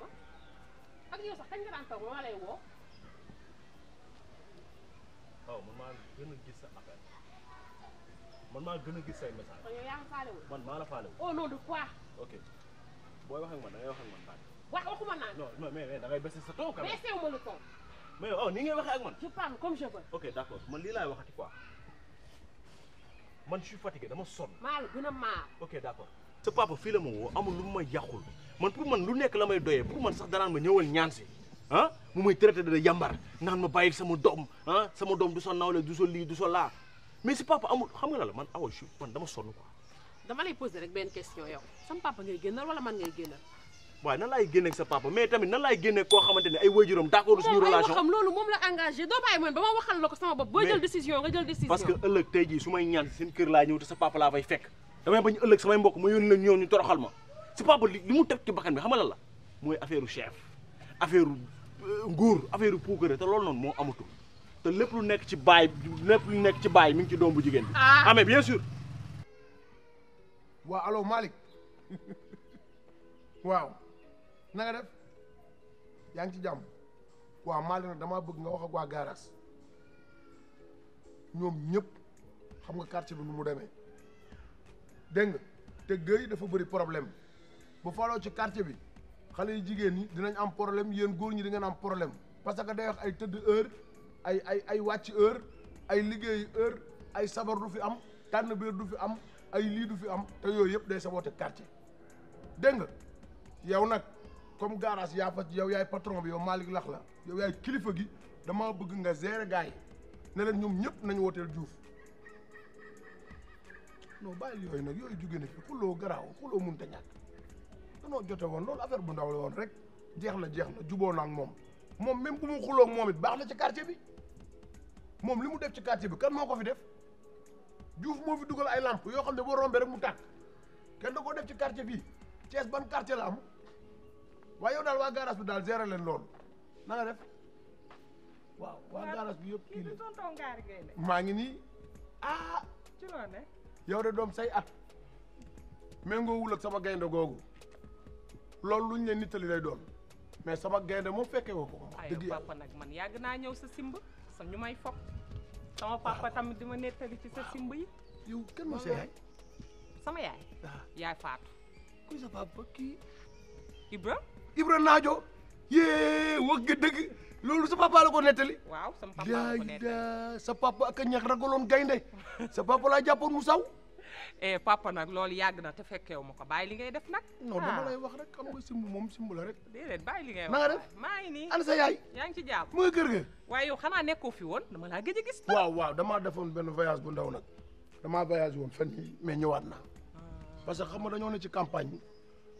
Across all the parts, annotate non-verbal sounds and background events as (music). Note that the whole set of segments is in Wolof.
woo ma ak yow sax man maa gën a gis sa affaire man maa gën a gis say ma faalewul. man maa la faalewul. au nom de quoi. ok booy wax ak man da ngay wax ak man tànk. wax waxuma naan. sa ton. quand même baissé wu ma le ton. mais oh ngay waxee ak man. je parle comme je man lii laay waxati quoi man je suis dama sonn. maa la gën a maar. ok d' sa papa fii la ma woo amul lu ma yàqul. man pour man lu nekk la may doyee pour man sax danaan ma ñëwal ñaan si ah mu may traité de yambar naan ma bàyyil sama doom ah sama doom du sa nawle du sa lii du sa laa mais si papa amul xam nga la la man awa je man dama sonn quoi. dama lay posé rek benn question yow sama papa ngay génnal wala man nan laay génneeg sa papa mais tamit nan laay génneeg koo xamante ne ay waajuram d'accord suñu relation moom loolu moom la engagé doo bàyyi man ko sama bopp. parce que ëllëg tey jii su may ñaan seen kër laa ñëw te sa papa laa fay fekk damay bañ ëllëg samay mbokk ma yónni la ñoon ñu toroxal ma c'est pas li mu teg ci bakkan bi xam nga lan la mooy affaire chef affaire euh, nguur affaire puukare te loolu noonu moo amatul te lépp lu nekk ci baay lépp lu nekk ci baay mi ngi ci doom bu jigéen bi. Ah. ah mais bien sûr. waaw allo Malick (laughs) waaw na nga def yaa ngi ci jàmm waaw Malick nag damaa bëgg nga wax ak waa garage ñoom ñëpp xam nga quartier bi nu mu demee dégg nga te gëy dafa bëri problème. bu faloo ci quartier bi xale yi jigéen ñi dinañ am problème yéen góor ñi di ngeen am problème parce que day wax ay tëdd heure ay ay ay wàcc ay liggéey heure ay sabar du fi am tànn biir du fi am ay lii du fi am te yooyu yëpp day saboote quartier dégg nga yow nag comme garage yaa fa yow yaay patron bi yow Malick Lax la yow yaay kilifa gi damaa bëgg nga gérer gars yi ne leen ñoom ñëpp nañu wooteel Diouf noo bàyyi yooyu nag yooyu jóge na fi xuloo garaaw xuloo mënut a ñàkk danoo jote woon loolu affaire bu ndaw la woon rek jeex na jeex na juboo naa ak moom moom même bu mu xuloo moom it baax na ci quartier bi moom li mu def ci quartier bi kan moo ko fi def Diouf moo fi dugal ay lamp yoo xam ne boo rombee rek mu tàkk kenn da koo def ci quartier bii Thiès ban quartier la am waaye yow waa garage bi daal gérer leen loolu na def waaw waa garage bi yëpp maa ngi nii ah ci yow de doom say at méngoowul ak sama gaynde googu loolu luñ leen nittali lay doon mais sama gaynde moo fekkee woo ko. dëgg papa nag man yàgg naa ñëw sa simb sa ñu may foog. sama ah. papa tamit di ma nettali ci sa ah. simb yi. yow kenn ma sa yaay. sama yaay. Ah. yaay faatu. kuy sa papa kii. Ibra. Ibra Naajo. yee wax dëgg. loolu sa papa la ko nettali. waaw sama papa sa papa ak a ñax ragaloon gaynde (laughs) sa papa laa jàppoon mu saw. eh papa nag loolu yàgg na te fekkeewu ma ko bàyyi li ngay def nag. non dama ah. lay wax rek xam nga simb moom simb la rek. déedéet bàyyi ngay wax nag maa ngi nii. ana sa yaay. mu ngi kër ga. waaye yow xanaa nekkoo fi woon dama laa gëj a gis. waaw waaw damaa defoon benn voyage bu ndaw nag damaa voyage woon fan yii mais ñëwaat naa ah. parce que xam ma dañoo ne ci campagne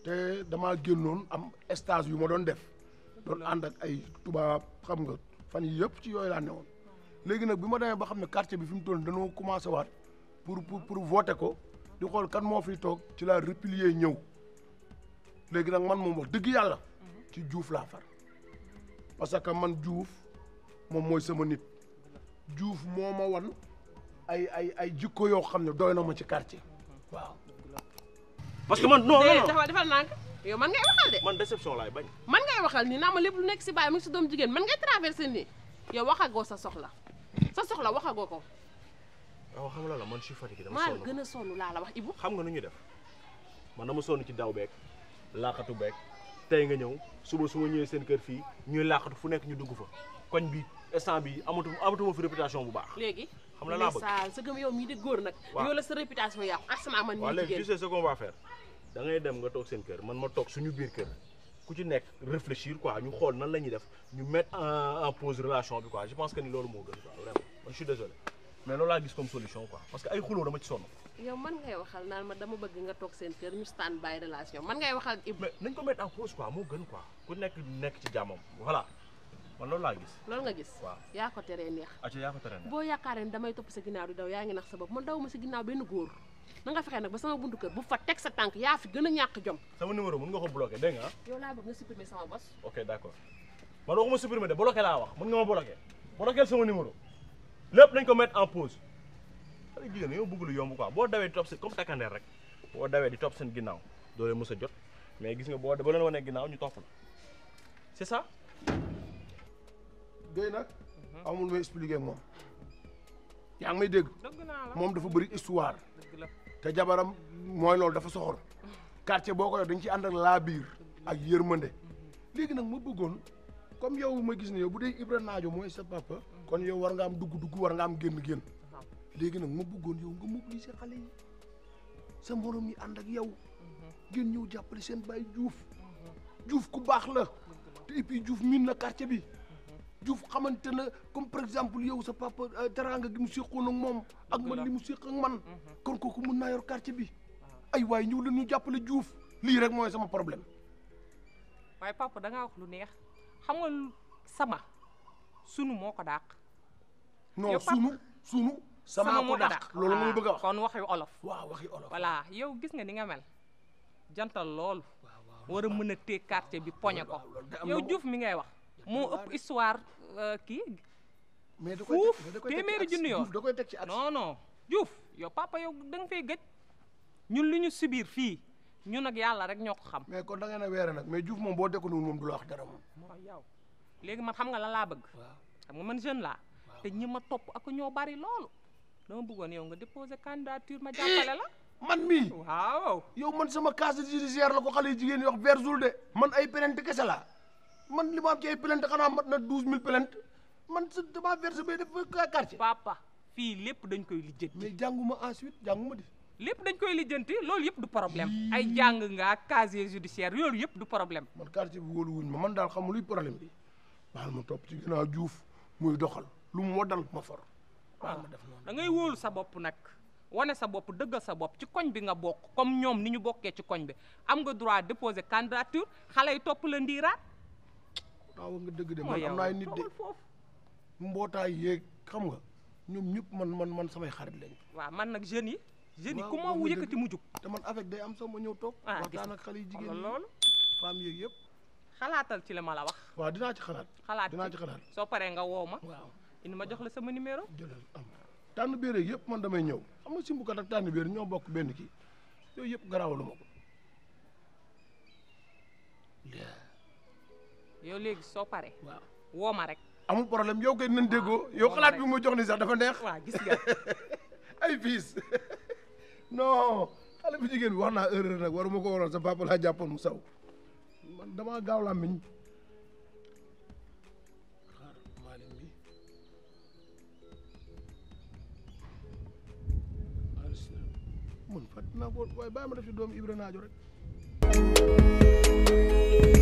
te damaa génnoon am stage yu ma doon def doon ànd ak ay tubaab xam nga fan yi yëpp ci yooyu laa newoon ah. léegi nag bi ma demee ba xam ne quartier bi fi mu toll dañoo commencé waat pour pour pour voter ko di xool kan moo fi toog ci la replier ñëw léegi nag man moom wax dëgg yàlla ci juuf laa far parce que man Diouf moom mooy sama nit juuf moo ma wan ay ay ay jikko yoo xam ne doy na ma ci quartier waaw. parce que man non non non dafa defal man ngay waxal de. man déception laay bañ. man ngay waxal ma lépp lu nekk si bàyyi mu ngi jigéen man ngay traversé nii yow waxagoo sa soxla sa soxla waxagoo ko. waaw xam nga la man je suis fatigué dama sonn maa gën a sonn laa la wax Ibou. xam nga nu ñuy def man dama sonn ci daw beeg laaxatu beeg tey nga ñëw suba su ma ñëwee seen kër fii ñuy laaxatu fu nekk ñu dugg fa koñ bi instant bi amatu amatuma fi réputation bu baax. léegi xam la laa bëgg mais sa gëm yow mii di góor nag. waaw yow la sa réputation yàqu asama ah, man. mii jigéen tu sais ce qu'on va faire da dem nga toog seen kër man ma toog suñu biir kër. ku ci nekk réfléchir quoi ñu xool nan la ñuy def ñu mettre en pause relation bi quoi je loolu moo gën quoi vraiment mais loolu laa gis comme solution quoi parce que ay xuloo dama ci sonn. yow man ngay waxal naan ma dama bëgg nga toog seen kër ñu stand by relation man ngay waxal Ibou. mais nañ ko mettre en pause quoi moo gën quoi ku nekk nekk ci jàmmam voilà man loolu laa gis. loolu nga gis yaa ko teree neex. ati ah, yaa ko teree neex boo yaakaaree ne damay topp sa ginnaaw di daw yaa ngi nax sa bopp man daw ma sa ginnaaw benn góor na nga fexe nag ba sama buntu kër bu fa teg sa tànk yaa fi gën a ñàkk jom. sama numéro mën nga ko bloqué dégg nga ah. yow laa lépp nañ ko mettre en pause xale jigéen yow buggulu yombu yomb boo dawee di topp seen comme takkandeer rek boo dawee di topp seen ginnaaw doo leen a jot mais gis nga boo ba leen wanee ginnaaw ñu topp la c'est ça. Guèye nag. Mhm. amul may expliquer moom. yaa ngi may dégg. moom dafa bëri histoire. te jabaram mooy loolu dafa soxor. quartier boo ko yor dañ ci ànd ak laa biir ak yërmande mhm. léegi nag ma bëggoon comme yow ma gis ne yow bu dee Ibra Naajo mooy sa papa. kon yow war nga am dugg-dugg war nga am génn-génn léegi nag ma bëggoon yow nga mobiliser xale yi sa morom yi ànd ak yow mhm. ngeen ñëw jàppale seen baay Diouf mhm. Diouf ku baax la te et puis Diouf miin na quartier bi mhm. Diouf xamante na comme par exemple yow sa papa euh, teraanga gi mu séqoon ak moom ak man li mu séq ak man kon kooku mën naa yor quartier bi ay waaye ñëw leen ñu jàppale Diouf lii rek mooy sama problème waaye papa danga ngaa wax lu neex xam nga sama sunu moo ko dàq. non sunu sunu. sama moo ko dàq loolu mooy bëgg a wax kon waxi olof. waaw waxi olof voilà yow gis nga ni nga mel jantal loolu. war mën a téye quartier bi poñe ko. yow Diouf mi ngay wax. moo ëpp histoire euh, kii. mais da koy teg fuuf téeméeri junni yoon da koy teg ci at non non yow papa yow da nga fay gëj ñun li ñu subir fii ñun nag yàlla rek ñoo ko xam. mais kon da ngeen a weere nag mais Diouf moom boo déggoonul moom du la wax dara moom. yow. léegi man xam nga lan laa bëgg. xam nga man jeune laa. te ñi ma topp ak ñoo bari loolu. dama bëggoon yow nga déposer candidature ma jàppale la. Eh, man mii waaw. yow man sama casier judiciaire la ko xale yu jigéen yi wax versul de man ay plainte kese la man li ma am ci ay plainte xanaa mat na douze mille plainte man sa damaa verse bay def quartier. papa fii lépp dañ koy lijjanti. mais jànguma ensuite jànguma di. lépp dañ koy lijjanti loolu du problème. ay jàng nga ak casier judiciaire loolu yëpp du problème. man quartier bi wóolu wuñ ma man daal xamul luy problème bi. baal ma topp ci ginnaaw juuf muy doxal lu mu waddal ma for baal ma def noonu da ngay wóolu sa bopp nag wane sa bopp dëggal sa bopp ci koñ bi nga bokk comme ñoom ni ñu bokkee ci koñ bi am nga droit déposé candidature xale yi topp la ndiiraat daa wax nga dëgg de man am naa nit de mbootaay yeeg xam nga ñoom ñëpp man man man samay xarit lañ waaw man nag jeunes yi jeunes yi ku ma wu yëkkati mu jug te man avec day am sama ñëw toog ah, waxtaan ak xale yi jigéen ñi loolu femmes yeeg yëpp xalaatal ci li ma la wax. waa dinaa ci xalaat. xalaat dinaa ci soo paree nga woo ma. waaw indi ma jox la sama numéro. jëlal am tànn biir yeeg yëpp man damay ñëw am na simbukat ak tànn biir ñoo bokk benn kii yooyu yëpp garaawaluma ko. yow léegi soo paree. waaw woo rek. amul problème yow kay na déggoo ah, yow xalaat bi mu jox ni sax dafa neex. waaw (laughs) ay fiis (laughs) non xale bu jigéen bi wax naa erreur nag waruma ko waral sa papa laa jàppoon mu saw. man damaa gaaw làmmiñ xaar maalin mun fat ko waaye bàyyi ma doomu Ibra Naajo rek